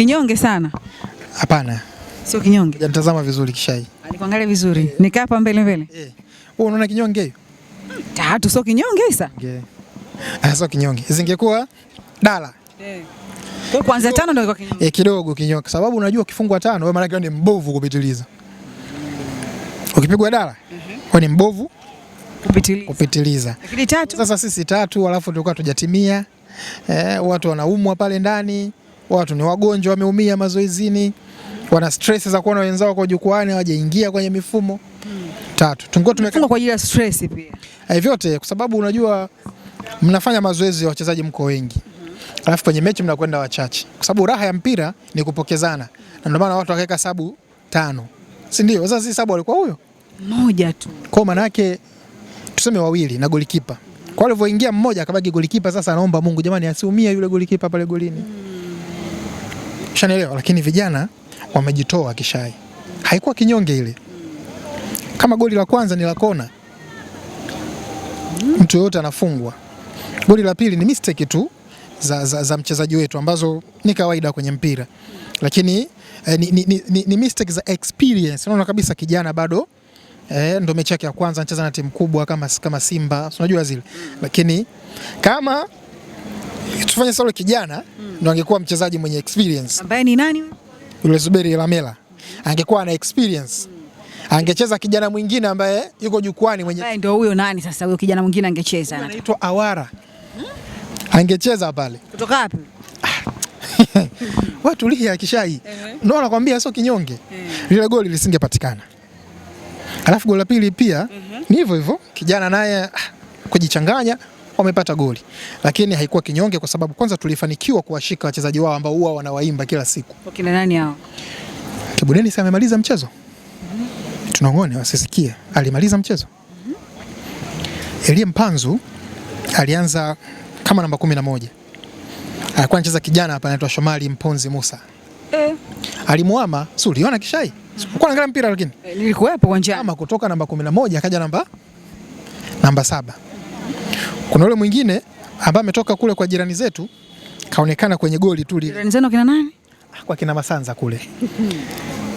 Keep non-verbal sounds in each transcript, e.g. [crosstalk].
Kinyonge sana? Hapana, sio kinyonge. Nitazama vizuri kishai. Alikuangalia vizuri. Nikaa hapa mbele mbele. Eh. Wewe unaona kinyonge hiyo? Tatu sio kinyonge Isa? Nge. Ah, sio kinyonge. Zingekuwa dala. Eh. Kwa kwanza tano ndio kwa kinyonge. Eh, kidogo kinyonge. Sababu unajua ukifungwa tano wewe maana ni mbovu kupitiliza. Ukipigwa dala? Kwa mhm. ni mbovu kupitiliza. Kupitiliza. Lakini tatu. Sasa sisi tatu alafu tulikuwa tujatimia. Eh, watu wanaumwa pale ndani watu ni wagonjwa, wameumia mazoezini, wana stress za kuona wenzao kwa jukwani hawajaingia kwenye mifumo hmm. tatu. tungo tumeka kwa ajili ya stress pia. Eh, vyote kwa sababu unajua mnafanya mazoezi ya wachezaji mko wengi. hmm. Alafu kwenye mechi mnakwenda wachache. Kwa sababu raha ya mpira ni kupokezana. Na ndio maana watu wakaweka sabu tano. Si ndio? Sasa si sabu alikuwa huyo? Mmoja tu. Kwa maana yake tuseme wawili na golikipa. Kwa alivyoingia mmoja akabaki golikipa, sasa anaomba Mungu, jamani asiumie yule golikipa pale golini. hmm. Ushanielewa? Lakini vijana wamejitoa Kishai, haikuwa kinyonge ile. Kama goli la kwanza ni la kona, mtu yoyote anafungwa. Goli la pili ni mistake tu za, za, za mchezaji wetu ambazo ni kawaida kwenye mpira, lakini eh, ni, ni, ni, ni mistake za experience. Unaona kabisa kijana bado eh, ndo mechi yake ya kwanza anacheza na timu kubwa kama, kama Simba, unajua zile, lakini kama tufanye sawa, kijana mm. ndo angekuwa mchezaji mwenye experience. Ambaye ni nani? Yule Zuberi Lamela angekuwa ana experience mm. angecheza kijana mwingine ambaye yuko jukwani mwenye ambaye ndio huyo nani sasa huyo kijana mwingine angecheza anaitwa Awara. mm. Angecheza pale. Kutoka wapi? [laughs] Watu ligi ya kishai. Eh. Ndio nakwambia sio kinyonge. Eh. Lile goli lisingepatikana. Alafu goli la pili pia mhm. ni hivyo hivyo kijana naye ah, kujichanganya wamepata goli, lakini haikuwa kinyonge, kwa sababu kwanza tulifanikiwa kuwashika wachezaji wao ambao huwa wanawaimba kila siku. Wakina nani hao? Kibudeni si amemaliza mchezo mm -hmm. Tunang'one wasisikie alimaliza mchezo mm -hmm. Elie Mpanzu alianza kama namba kumi na moja alikuwa anacheza kijana hapa anaitwa Shomali Mponzi Musa eh. Alimuama, si uliona kishai mhm. Sikuwa naangalia mpira lakini eh, nilikuwepo uwanjani. Kama kutoka namba 11 akaja namba namba saba. Kuna yule mwingine ambaye ametoka kule kwa jirani zetu kaonekana kwenye goli tu lile. Jirani zenu kina nani? Kwa kina Masanza kule.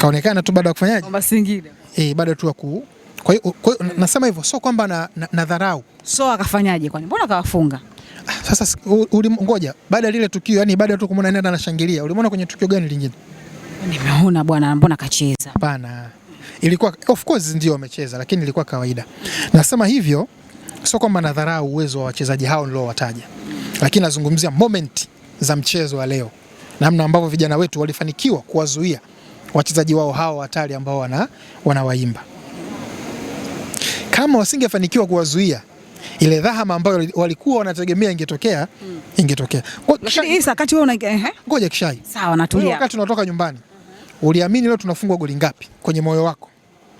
Kaonekana tu baada ya kufanyaje? Kwamba Singida. Eh, baada tu ya ku kwa hiyo mm. Nasema hivyo sio kwamba na, nadharau na dharau. So akafanyaje kwani? Mbona akawafunga ah, Sasa ngoja baada lile tukio, yani baada tu kumuona nenda anashangilia. ulimuona kwenye tukio gani lingine? Nimeona bwana, mbona kacheza? Hapana. Ilikuwa of course ndio amecheza, lakini ilikuwa kawaida. Nasema hivyo sio kwamba nadharau uwezo wa wachezaji hao niliowataja, lakini nazungumzia moment za mchezo wa leo, namna ambavyo vijana wetu walifanikiwa kuwazuia wachezaji wao hao hatari ambao wana, wanawaimba. Kama wasingefanikiwa kuwazuia ile dhahama ambayo walikuwa wanategemea ingetokea hmm. ingetokea. Ngoja kishai, sawa, natulia. Wakati tunatoka nyumbani, uliamini leo tunafungwa goli ngapi kwenye moyo wako?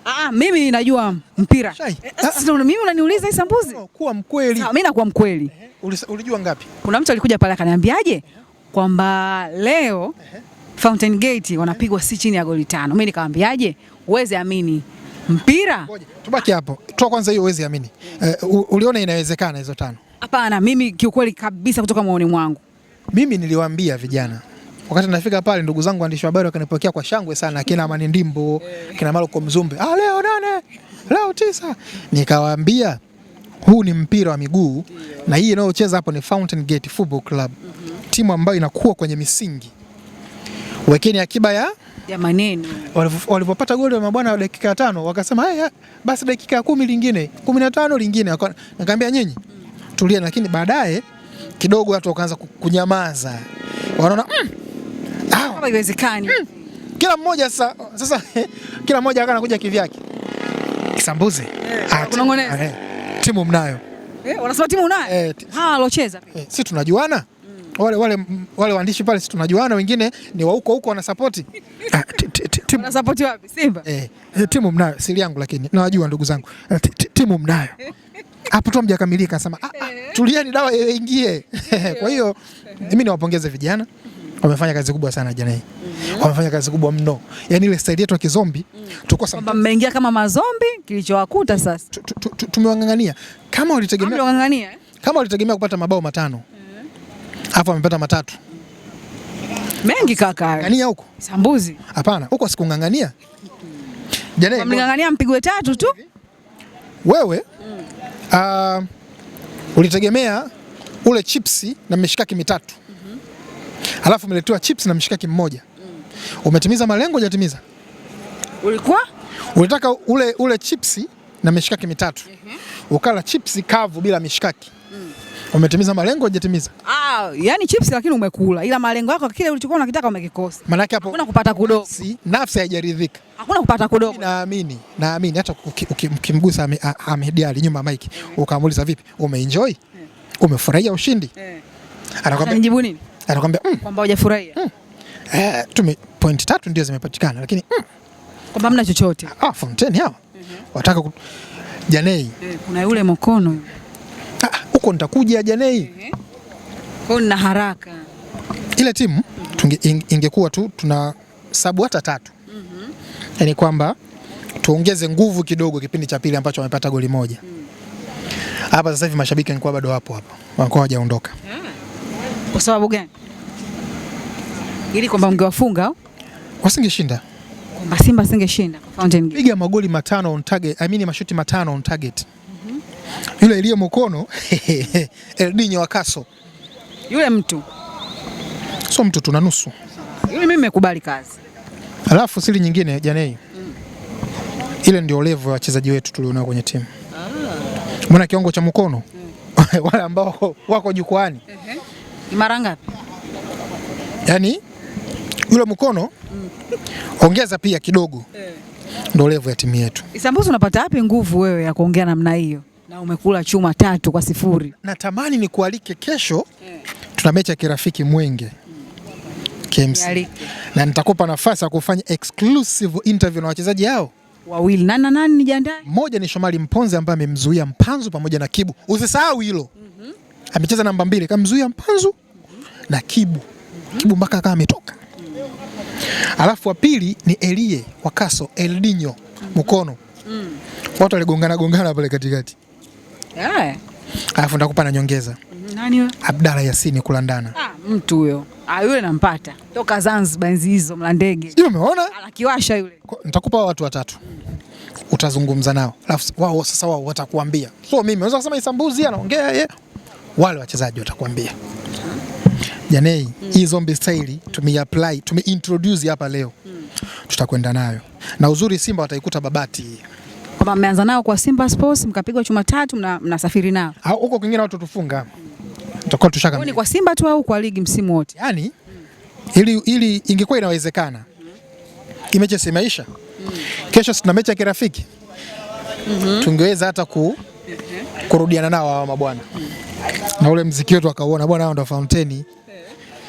Ah, ah, mimi najua mpira. Eh, eh, sasa mimi unaniuliza isambuzi? No, kuwa mkweli. Ah, mimi nakuwa mkweli. Eh, ulijua ngapi? Kuna mtu alikuja pale akaniambiaje kwamba leo Fountain Gate wanapigwa si chini ya goli tano. Mimi nikamwambiaje? Uweze amini mpira. Tubaki hapo. Toa kwanza hiyo uweze amini. Uh, uliona inawezekana hizo tano? Hapana, mimi kiukweli kabisa kutoka mwaoni mwangu. Mimi niliwaambia vijana Wakati nafika pale, ndugu zangu waandishi wa habari wakanipokea kwa shangwe sana, kina Amani Ndimbo, kina Malko Mzumbe, ah, leo nane, leo tisa. Nikawaambia huu ni mpira wa miguu na hii inayocheza hapo ni Fountain Gate Football Club, timu ambayo inakuwa kwenye misingi. Wekeni akiba ya ya maneno. Walipopata goli wa mabwana wa dakika ya tano wakasema haya basi dakika ya kumi lingine, kumi na tano lingine. Nikamwambia nyinyi tulia, lakini baadaye kidogo watu wakaanza kunyamaza, wanaona mm. Kama iwezekani. Hmm. Kila mmoja sasa sasa [laughs] kila mmoja akana kuja kivyake. Kisambuze. Eh, ah, kunongoneza. Eh, timu mnayo. Eh, wanasema timu unayo? Eh, ha, alocheza ah, pia. Eh, si tunajuana? Mm. Wale wale wale waandishi pale si tunajuana, wengine ni wa huko huko wanasapoti. [laughs] Ah, timu wanasapoti wapi? Simba. Eh, eh, timu mnayo, siri yangu lakini nawajua ndugu zangu. Eh, timu mnayo. [laughs] Hapo tu mjakamilika, nasema ah, eh. tulieni dawa e, ingie. Kwa hiyo mimi niwapongeze vijana wamefanya kazi kubwa sana jana hii. Mm -hmm. Wamefanya kazi kubwa mno. Yaani ile style yetu ya kizombi mm -hmm. tulikuwa sababu mmeingia kama mazombi kilichowakuta sasa. Tumewangangania. Kama walitegemea Tumewangangania. Eh? Kama walitegemea kupata mabao matano. Mm -hmm. Hapo wamepata matatu. Mengi kaka. Ngania huko. Sambuzi. Hapana, huko sikungangania. Jana mlingangania mpigwe tatu tu. Wewe mm. Uh, ulitegemea ule chipsi na mishikaki mitatu alafu umeletewa chips na mshikaki mmoja mm. Umetimiza malengo hujatimiza? Ulikuwa ulitaka ule, ule chipsi na mishikaki mitatu mm -hmm. Ukala chipsi kavu bila mishikaki mm. Umetimiza malengo hujatimiza? Ah, yani chips lakini umekula, ila malengo yako kile ulichokuwa unakitaka umekikosa. Maana yake hapo hakuna kupata kudogo. Si, nafsi haijaridhika. Hakuna kupata kudogo. Naamini, naamini hata ukimgusa uki, uki, Ahmed Ali nyuma mike, mm -hmm. ukamuuliza vipi? Umeenjoy? yeah. Mm. Umefurahia ushindi? yeah. Mm. Anakwambia nijibu nini? anakwambia mm, kwamba hujafurahia mm, eh, tume point tatu ndio zimepatikana, lakini mm, kwamba hamna chochote. Ah, form hao mm -hmm. wataka ku... Janei eh, kuna yule Mokono ah, huko, ah, nitakuja Janei mm -hmm. kwa nina haraka ile timu mm -hmm. ingekuwa tu tuna sabu hata tatu mm -hmm. yaani kwamba tuongeze nguvu kidogo kipindi cha pili ambacho wamepata goli moja mm. hapa mm. Sasa hivi mashabiki wanakuwa bado hapo hapo, wanakuwa hawajaondoka. Kwa sababu gani? Ili kwamba mngewafunga wasingeshinda, kwamba Simba singeshinda kwa Fountain Gate. Piga magoli matano on target, I mean mashuti matano on target. Mm -hmm. Yule iliyo mkono [laughs] El Eldinyo Wakaso yule mtu so mtu tuna nusu yule, mimi nimekubali kazi. Alafu siri nyingine Janei, mm. ile ndio level ya wachezaji wetu tulionao kwenye timu ah. Mbona kiwango cha mkono mm. [laughs] wale ambao wako, jukwani. jukwaani mm. Mara ngapi? Yaani yule mkono mm. Ongeza pia kidogo eh. Ndo levu ya timu yetu. Isambuzi, unapata wapi nguvu wewe ya kuongea namna hiyo na umekula chuma tatu kwa sifuri? Natamani nikualike kesho eh. Tuna mechi ya kirafiki Mwenge KMC na nitakupa nafasi ya kufanya exclusive interview na wachezaji hao wawili. Nani na nani? Nijiandae. Mmoja ni Shomali Mponzi ambaye amemzuia Mpanzu pamoja na Kibu, usisahau hilo amecheza namba mbili, kamzuia Mpanzu na Kibu. Kibu mpaka akawa ametoka. Alafu wa pili ni Elie Wakaso eldinyo mkono mm. Watu waligongana gongana pale katikati. Yeah. Alafu ndakupa na nyongeza. Nani Abdalla Yasini kulandana. Ah, mtu huyo. Ah, yule nampata. Toka Zanzibar enzi hizo mlandege. Sio umeona? Anakiwasha yule. Nitakupa watu watatu. Utazungumza nao. Alafu wao sasa wao watakuambia. So mimi naweza kusema Isambuzi anaongea yeye, wale wachezaji watakwambia Janei, mm. hii Zombi style tumeiapply, tumeintroduce hapa leo mm. tutakwenda nayo na uzuri, Simba wataikuta Babati kwamba mmeanza nao kwa Simba Sports mkapigwa chuma tatu, mnasafiri mna nao huko kwingine watu tufunga tutakuwa tushaka. Ni kwa Simba tu au kwa ligi msimu wote? Yaani ili ili ingekuwa inawezekana imeche simaisha mm. kesho tuna mechi ya kirafiki mm -hmm. tungeweza hata ku, kurudiana nao hawa mabwana mm na ule mziki wetu akauona, bwana hao ndo Fountain.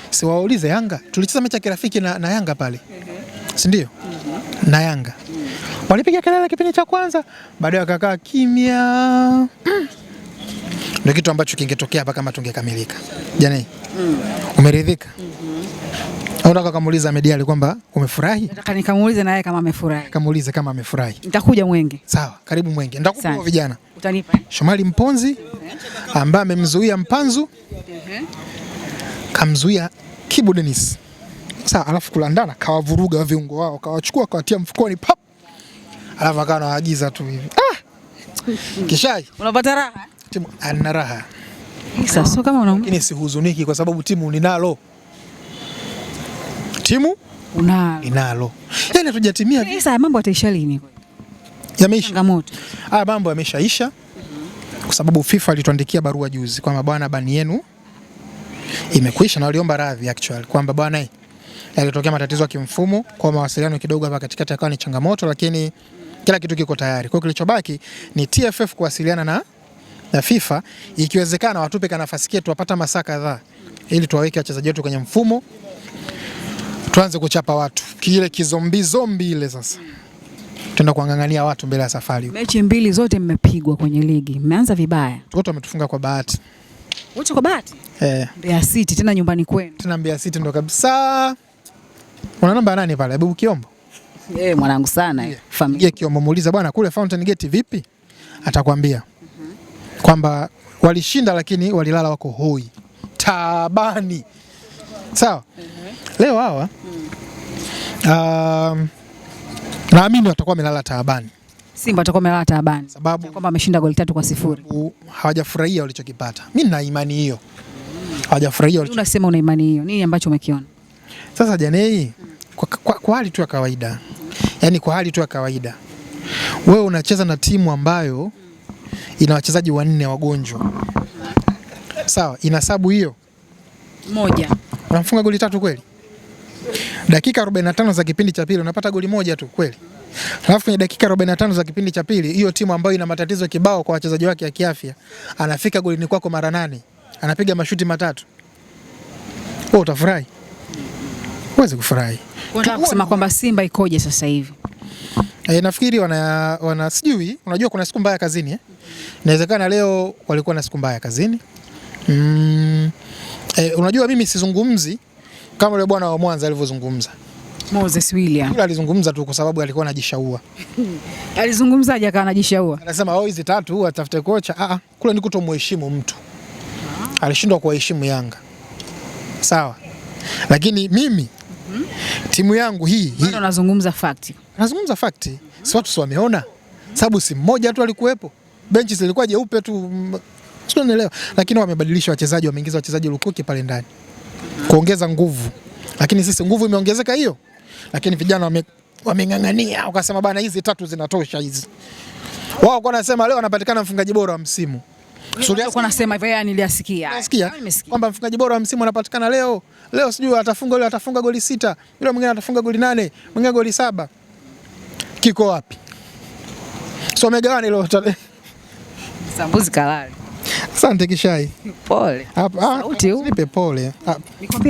Si waulize Yanga, tulicheza mechi ya kirafiki na, na Yanga pale, mhm. si ndio? Mhm. na Yanga walipiga kelele kipindi cha kwanza, baadaye wakakaa kimya mm. Ndio kitu ambacho kingetokea hapa kama tungekamilika. Jana mm. Umeridhika? Mm. Unataka kumuuliza Ahmed Ally kwamba umefurahi? Nataka nikamuulize na yeye kama amefurahi. Kamuulize kama amefurahi. Nitakuja Mwenge. Sawa, karibu Mwenge. Nitakupa vijana. Utanipa. Shomali Mponzi ambaye amemzuia Mpanzu. Kamzuia Kibu Dennis. Sawa, alafu kulandana kawavuruga viungo wao, kawachukua kawatia mfukoni pap. Alafu akawa anaagiza tu hivi. Ah! Kishai. Unapata raha? Eh? Timu ana raha. Sasa kama unaona. Lakini sihuzuniki kwa sababu timu ninalo timu unalo inalo, yani hatujatimia vile. Eh, sasa mambo yataisha lini? Yameisha changamoto, ah, mambo yameshaisha kwa sababu FIFA alituandikia barua juzi kwamba bwana, bani yenu imekwisha, na waliomba radhi actually kwamba bwana, eh, yalitokea matatizo ya kimfumo kwa mawasiliano kidogo hapa katikati, akawa ni changamoto, lakini kila kitu kiko tayari. Kwa kilichobaki ni TFF kuwasiliana na, na FIFA, ikiwezekana watupe nafasi yetu, tupata masaa kadhaa ili tuwaweke wachezaji wetu kwenye mfumo tuanze kuchapa watu kile kizombi zombi ile sasa tuenda kuangangania watu mbele ya safari. Mechi mbili zote mmepigwa kwenye ligi, mmeanza vibaya. Wote wametufunga kwa bahati, wote kwa bahati eh. Mbeya City tena nyumbani kwenu, tena Mbeya City ndo kabisa. Una namba nani pale? Abubu Kiombo eh, mwanangu sana yeah. Familia Kiombo, muuliza bwana kule Fountain Gate vipi, atakwambia mm -hmm. kwamba walishinda lakini walilala wako hoi tabani, sawa mm -hmm leo hawa mm. uh, naamini watakuwa wamelala taabani. Simba watakuwa wamelala taabani sababu kwamba wameshinda goli tatu kwa sifuri, hawajafurahia walichokipata. Mi nina imani hiyo, hawajafurahia walichokipata. Unasema una imani hiyo, nini ambacho umekiona sasa Janei? mm. Kwa, kwa, kwa hali tu ya kawaida mm. Yaani kwa hali tu ya kawaida wewe unacheza na timu ambayo ina wachezaji wanne wagonjwa, sawa, ina sabu hiyo moja, unamfunga goli tatu kweli? dakika 45 za kipindi cha pili unapata goli moja tu kweli. Alafu kwenye dakika 45 za kipindi cha pili, hiyo timu ambayo ina matatizo kibao kwa wachezaji wake ya kiafya, anafika golini kwako mara nane, anapiga mashuti matatu. Wewe utafurahi? Huwezi kufurahi. Unataka kusema kwamba Simba ikoje sasa hivi? E, nafikiri wana, wana sijui, unajua kuna siku mbaya kazini eh? Inawezekana leo walikuwa na siku mbaya kazini mm, e, unajua mimi sizungumzi kama yule bwana wa Mwanza alivyozungumza Moses William. Yule alizungumza tu kwa sababu alikuwa anajishaua. [laughs] Alizungumzaje akawa anajishaua? Anasema wao oh, hizi tatu atafute kocha. Ah, ah, kule ni kutomheshimu mtu. Ah. Alishindwa kuwaheshimu Yanga. Sawa. Lakini mimi mm -hmm. timu yangu hii, hii. Nazungumza fact. Nazungumza fact. Mm -hmm. Si watu si wameona? Mm -hmm. Sababu si mmoja tu alikuwepo. Benchi zilikuwa jeupe tu. Sio, unaelewa. Lakini wamebadilisha wachezaji, wameingiza wachezaji lukuki pale ndani kuongeza nguvu, lakini sisi nguvu imeongezeka hiyo, lakini vijana wame, wameng'ang'ania wakasema bana, hizi tatu zinatosha hizi. Wao kwa nasema leo anapatikana mfungaji bora wa msimu kwamba mfungaji bora wa msimu anapatikana leo. Leo sijui atafunga yule, atafunga goli sita, yule mwingine atafunga goli nane, mwingine goli saba. Kiko wapi? So megawana kalali Asante Kishai. Pole. Ah, Sauti huu. Nipe pole. Ah.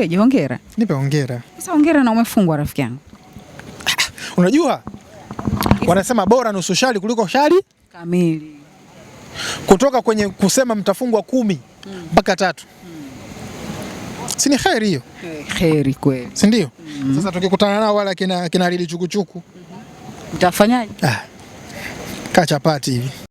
je, hongera? Nipe hongera. Sasa hongera na umefungwa rafiki yangu. Ah, unajua? Wanasema bora nusu shari kuliko shari kamili. Kutoka kwenye kusema mtafungwa kumi mm. mpaka mm. tatu mm. si ni kheri hiyo? Eh, kheri kweli, si ndio? mm. Sasa tukikutana nao wala kina, kina lili chukuchuku mtafanyaje? mm -hmm. Ah, kaa chapati hivi